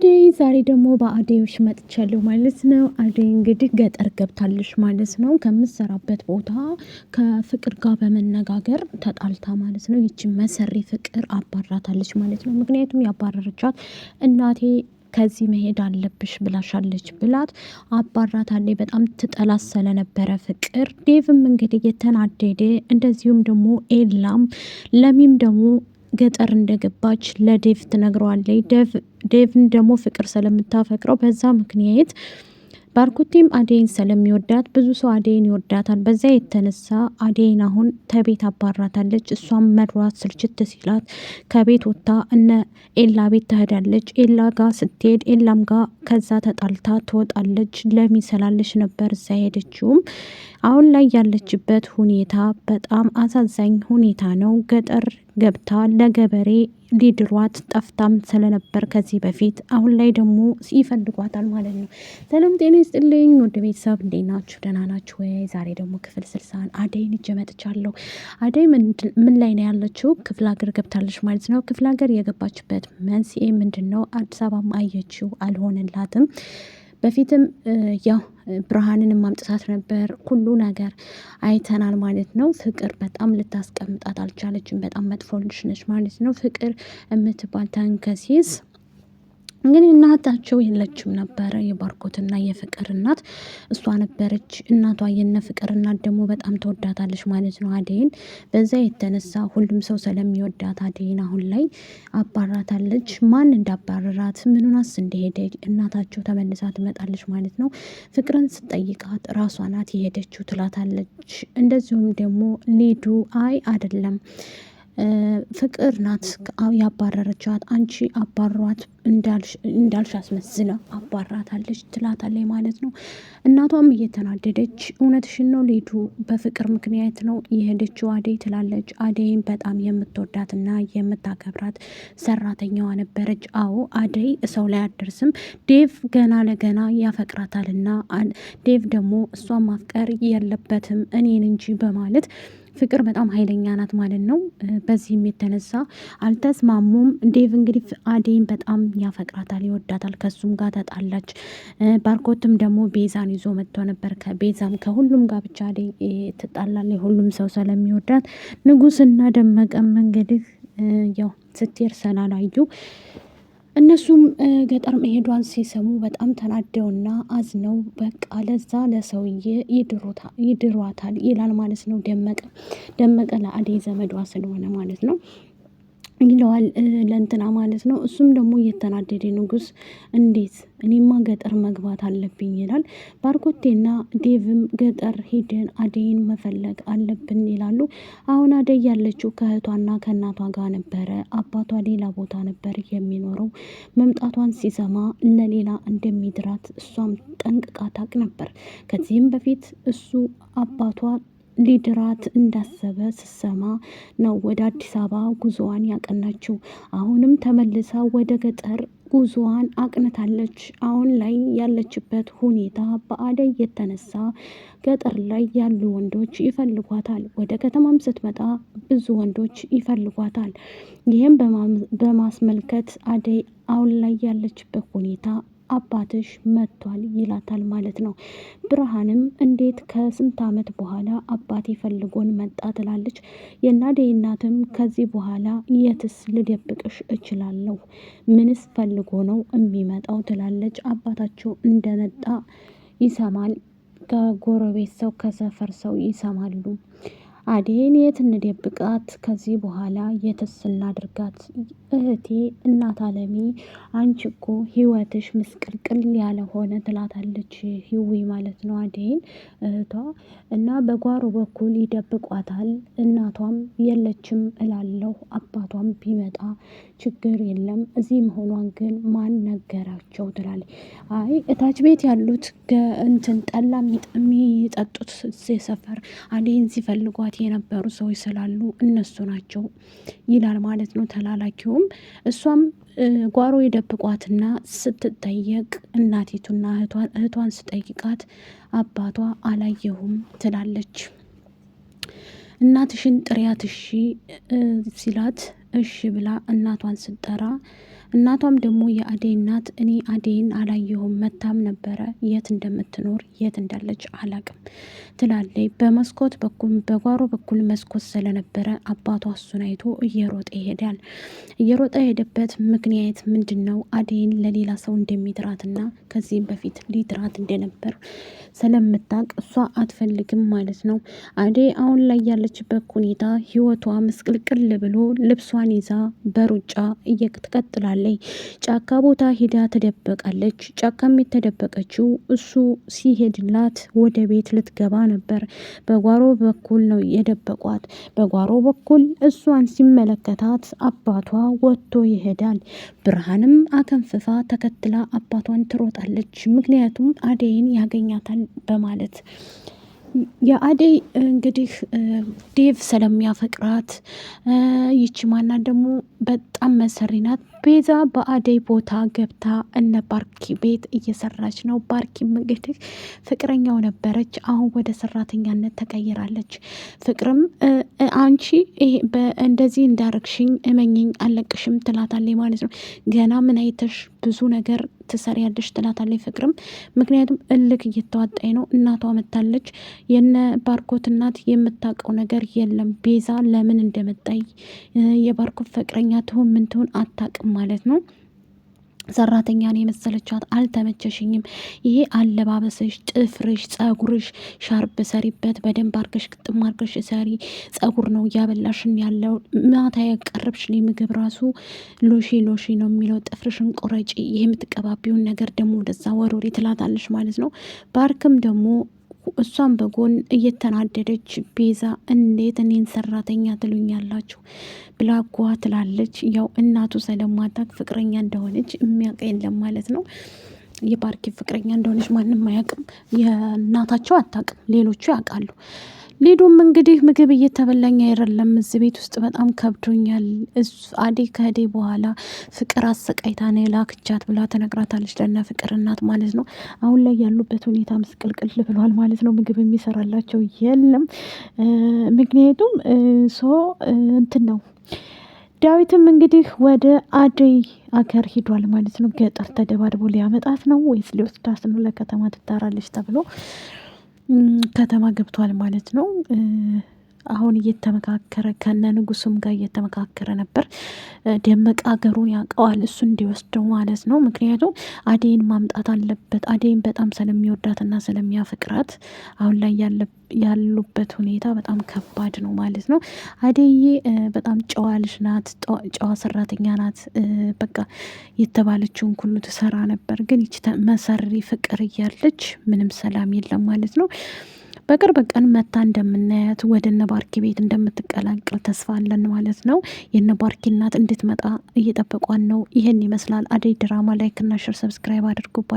አደይ ዛሬ ደግሞ በአደዮች መጥቻለሁ ማለት ነው። አደይ እንግዲህ ገጠር ገብታለች ማለት ነው። ከምትሰራበት ቦታ ከፍቅር ጋር በመነጋገር ተጣልታ ማለት ነው። ይቺ መሰሪ ፍቅር አባራታለች ማለት ነው። ምክንያቱም ያባረረቻት እናቴ ከዚህ መሄድ አለብሽ ብላሻለች ብላት አባራታለች። በጣም ትጠላት ስለነበረ ፍቅር ዴቭም እንግዲህ የተናደደ እንደዚሁም ደግሞ ኤላም ለሚም ደግሞ ገጠር እንደገባች ለዴቭ ትነግረዋለች። ዴቭን ደግሞ ፍቅር ስለምታፈቅረው በዛ ምክንያት ባርኮቴም አደይን ስለሚወዳት ብዙ ሰው አደይን ይወዳታል። በዛ የተነሳ አደይን አሁን ከቤት አባራታለች። እሷም መድሯት ስልችት ሲላት ከቤት ወጥታ እነ ኤላ ቤት ትሄዳለች። ኤላ ጋ ስትሄድ ኤላም ጋ ከዛ ተጣልታ ትወጣለች። ለሚሰላለች ነበር እዛ ሄደችውም አሁን ላይ ያለችበት ሁኔታ በጣም አሳዛኝ ሁኔታ ነው። ገጠር ገብታ ለገበሬ ሊድሯት ጠፍታም ስለነበር ከዚህ በፊት አሁን ላይ ደግሞ ይፈልጓታል ማለት ነው። ሰላም ጤና ይስጥልኝ ወደ ቤተሰብ እንዴት ናችሁ? ደህና ናችሁ ወይ? ዛሬ ደግሞ ክፍል ስልሳን አደይን ይዤ መጥቻለሁ። አደይ ምን ላይ ነው ያለችው? ክፍለ ሀገር ገብታለች ማለት ነው። ክፍለ ሀገር የገባችበት መንስኤ ምንድን ነው? አዲስ አበባም አየችው አልሆነላትም። በፊትም ያው ብርሃንን ማምጥታት ነበር። ሁሉ ነገር አይተናል ማለት ነው። ፍቅር በጣም ልታስቀምጣት አልቻለችም። በጣም መጥፎ ልጅ ነች ማለት ነው። ፍቅር የምትባል ተንከሲስ እንግዲህ እናታቸው የለችም ነበረ፣ የባርኮትና የፍቅር እናት እሷ ነበረች። እናቷ የነ ፍቅር እናት ደግሞ በጣም ተወዳታለች ማለት ነው አደይን። በዛ የተነሳ ሁሉም ሰው ስለሚወዳት አደይን አሁን ላይ አባራታለች። ማን እንዳባረራት ምንናስ እንደሄደ እናታቸው ተመልሳ ትመጣለች ማለት ነው። ፍቅርን ስጠይቃት ራሷ ናት የሄደችው ትላታለች። እንደዚሁም ደግሞ ሊዱ አይ አይደለም ፍቅር ናት ያባረረቻት። አንቺ አባሯት እንዳልሽ አስመስላ አባራታለች ትላታለች ማለት ነው። እናቷም እየተናደደች እውነትሽን ነው ልዱ፣ በፍቅር ምክንያት ነው የሄደችው አደይ ትላለች። አደይም በጣም የምትወዳትና የምታከብራት ሰራተኛዋ ነበረች። አዎ አደይ ሰው ላይ አደርስም። ዴቭ ገና ለገና ያፈቅራታልና ዴቭ ደግሞ እሷን ማፍቀር የለበትም እኔን እንጂ በማለት ፍቅር በጣም ኃይለኛ ናት ማለት ነው። በዚህም የተነሳ አልተስማሙም። ዴቭ እንግዲህ አዴይን በጣም ያፈቅራታል፣ ይወዳታል። ከሱም ጋር ተጣላች። ባርኮትም ደግሞ ቤዛን ይዞ መጥቶ ነበር። ከቤዛም ከሁሉም ጋር ብቻ አዴይ ትጣላለች፣ ሁሉም ሰው ስለሚወዳት። ንጉስና ደመቀም እንግዲህ ያው ስትሄድ ስላላዩ እነሱም ገጠር መሄዷን ሲሰሙ በጣም ተናደውና አዝነው በቃ ለዛ ለሰውዬ ይድሯታል ይላል ማለት ነው። ደመቀ ደመቀ ለአደይ ዘመዷ ስለሆነ ማለት ነው። ይለዋል ለእንትና ማለት ነው። እሱም ደግሞ እየተናደደ ንጉስ እንዴት እኔማ ገጠር መግባት አለብኝ ይላል። ባርኮቴና ዴቭም ገጠር ሄደን አደይን መፈለግ አለብን ይላሉ። አሁን አደይ ያለችው ከእህቷና ከእናቷ ጋር ነበረ። አባቷ ሌላ ቦታ ነበር የሚኖረው። መምጣቷን ሲሰማ ለሌላ እንደሚድራት እሷም ጠንቅቃ ታውቅ ነበር። ከዚህም በፊት እሱ አባቷ ሊድራት እንዳሰበ ስሰማ ነው ወደ አዲስ አበባ ጉዞዋን ያቀናችው። አሁንም ተመልሳ ወደ ገጠር ጉዞዋን አቅንታለች። አሁን ላይ ያለችበት ሁኔታ በአደይ የተነሳ ገጠር ላይ ያሉ ወንዶች ይፈልጓታል። ወደ ከተማም ስትመጣ ብዙ ወንዶች ይፈልጓታል። ይህም በማስመልከት አደይ አሁን ላይ ያለችበት ሁኔታ አባትሽ መጥቷል ይላታል ማለት ነው። ብርሃንም እንዴት ከስንት ዓመት በኋላ አባቴ ፈልጎን መጣ ትላለች። የናደይ እናትም ከዚህ በኋላ የትስ ልደብቅሽ እችላለሁ? ምንስ ፈልጎ ነው የሚመጣው ትላለች። አባታቸው እንደመጣ ይሰማል። ከጎረቤት ሰው ከሰፈር ሰው ይሰማሉ። አዴን የት እንደብቃት ከዚህ በኋላ የትስ እናድርጋት እህቴ እናት አለሚ አንቺ እኮ ህይወትሽ ምስቅልቅል ያለ ሆነ ትላታለች፣ ህዊ ማለት ነው አደይን እህቷ። እና በጓሮ በኩል ይደብቋታል። እናቷም የለችም እላለሁ፣ አባቷም ቢመጣ ችግር የለም እዚህ መሆኗን ግን ማን ነገራቸው ትላለች። አይ እታች ቤት ያሉት እንትን ጠላ የሚጠጡት ሰፈር አደይን ሲፈልጓት የነበሩ ሰዎች ስላሉ እነሱ ናቸው ይላል ማለት ነው ተላላኪው እንዲሁም እሷም ጓሮ የደብቋትና ስትጠየቅ እናቲቱና እህቷን ስጠይቃት አባቷ አላየሁም ትላለች። እናትሽን ጥሪያት እሺ ሲላት እሺ ብላ እናቷን ስትጠራ እናቷም ደግሞ የአደይ እናት እኔ አደይን አላየሁም፣ መታም ነበረ የት እንደምትኖር የት እንዳለች አላቅም ትላለች። በመስኮት በኩል በጓሮ በኩል መስኮት ስለነበረ አባቷ እሱን አይቶ እየሮጠ ይሄዳል። እየሮጠ የሄደበት ምክንያት ምንድን ነው? አደይን ለሌላ ሰው እንደሚድራትና ከዚህም በፊት ሊድራት እንደነበር ስለምታቅ እሷ አትፈልግም ማለት ነው። አደይ አሁን ላይ ያለችበት ሁኔታ ህይወቷ ምስቅልቅል ብሎ ልብሷ ልጇን ይዛ በሩጫ እየትቀጥላለች። ጫካ ቦታ ሄዳ ተደበቃለች። ጫካም የተደበቀችው እሱ ሲሄድላት ወደ ቤት ልትገባ ነበር። በጓሮ በኩል ነው የደበቋት። በጓሮ በኩል እሷን ሲመለከታት አባቷ ወጥቶ ይሄዳል። ብርሃንም አከንፍፋ ተከትላ አባቷን ትሮጣለች። ምክንያቱም አደይን ያገኛታል በማለት የአደይ እንግዲህ ዴቭ ስለሚያፈቅራት ይቺ ማናት ደግሞ በጣም መሰሪ ናት። ቤዛ በአደይ ቦታ ገብታ እነ ባርኪ ቤት እየሰራች ነው። ባርኪም እንግዲህ ፍቅረኛው ነበረች፣ አሁን ወደ ሰራተኛነት ተቀይራለች። ፍቅርም አንቺ እንደዚህ እንዳረግሽኝ እመኝኝ አለቅሽም ትላታለች ማለት ነው። ገና ምን አይተሽ ብዙ ነገር ትሰሪያለሽ ትላታለች ፍቅርም። ምክንያቱም እልክ እየተዋጣኝ ነው። እናቷ መታለች። የነ ባርኮት እናት የምታውቀው ነገር የለም ቤዛ ለምን እንደመጣይ የባርኮት ፍቅረኛ ትሁን ምን ትሁን አታውቅም ማለት ነው። ሰራተኛን የመሰለቻት አልተመቸሽኝም። ይሄ አለባበስሽ፣ ጥፍርሽ፣ ጸጉርሽ ሻርብ ሰሪበት በደንብ አርገሽ ቅጥም አርገሽ ሰሪ። ጸጉር ነው እያበላሽን ያለው። ማታ ያቀረብሽ ያቀረብሽልኝ ምግብ ራሱ ሎሺ ሎሺ ነው የሚለው። ጥፍርሽን ቁረጪ። ይሄ የምትቀባቢውን ነገር ደግሞ ወደዛ ወሮሪ ትላታለሽ ማለት ነው። ባርክም ደግሞ እሷን በጎን እየተናደደች ቤዛ እንዴት እኔን ሰራተኛ ትሉኛላችሁ ብላ ጓ ትላለች። ያው እናቱ ስለማታቅ ፍቅረኛ እንደሆነች የሚያውቅ የለም ማለት ነው። የፓርኪ ፍቅረኛ እንደሆነች ማንም አያውቅም። የእናታቸው አታውቅም፣ ሌሎቹ ያውቃሉ። ሊዱም እንግዲህ ምግብ እየተበላኝ አይደለም፣ እዚህ ቤት ውስጥ በጣም ከብዶኛል። አዴ ከህዴ በኋላ ፍቅር አሰቃይታ ነው ላክቻት ብላ ተነግራታለች፣ ለእነ ፍቅር እናት ማለት ነው። አሁን ላይ ያሉበት ሁኔታ ምስቅልቅል ብሏል ማለት ነው። ምግብ የሚሰራላቸው የለም። ምክንያቱም ሶ እንትን ነው ዳዊትም እንግዲህ ወደ አደይ አገር ሂዷል ማለት ነው። ገጠር ተደባድቦ ሊያመጣት ነው ወይስ ሊወስዳት ነው? ለከተማ ትዳራለች ተብሎ ከተማ ገብቷል ማለት ነው። አሁን እየተመካከረ ከነ ንጉሱም ጋር እየተመካከረ ነበር። ደመቀ ሀገሩን ያውቀዋል፣ እሱ እንዲወስደው ማለት ነው። ምክንያቱም አደይን ማምጣት አለበት። አዴይን በጣም ስለሚወዳትና ስለሚያፈቅራት አሁን ላይ ያሉበት ሁኔታ በጣም ከባድ ነው ማለት ነው። አዴዬ በጣም ጨዋ ልጅ ናት፣ ጨዋ ሰራተኛ ናት። በቃ የተባለችውን ሁሉ ትሰራ ነበር። ግን ይች መሰሪ ፍቅር እያለች ምንም ሰላም የለም ማለት ነው። በቅርብ ቀን መታ እንደምናያት ወደ ነባርኪ ቤት እንደምትቀላቀል ተስፋ አለን ማለት ነው። የነባርኪ እናት እንድትመጣ እየጠበቋን ነው። ይህን ይመስላል አደይ ድራማ። እና ሽር ሰብስክራይብ አድርጉባ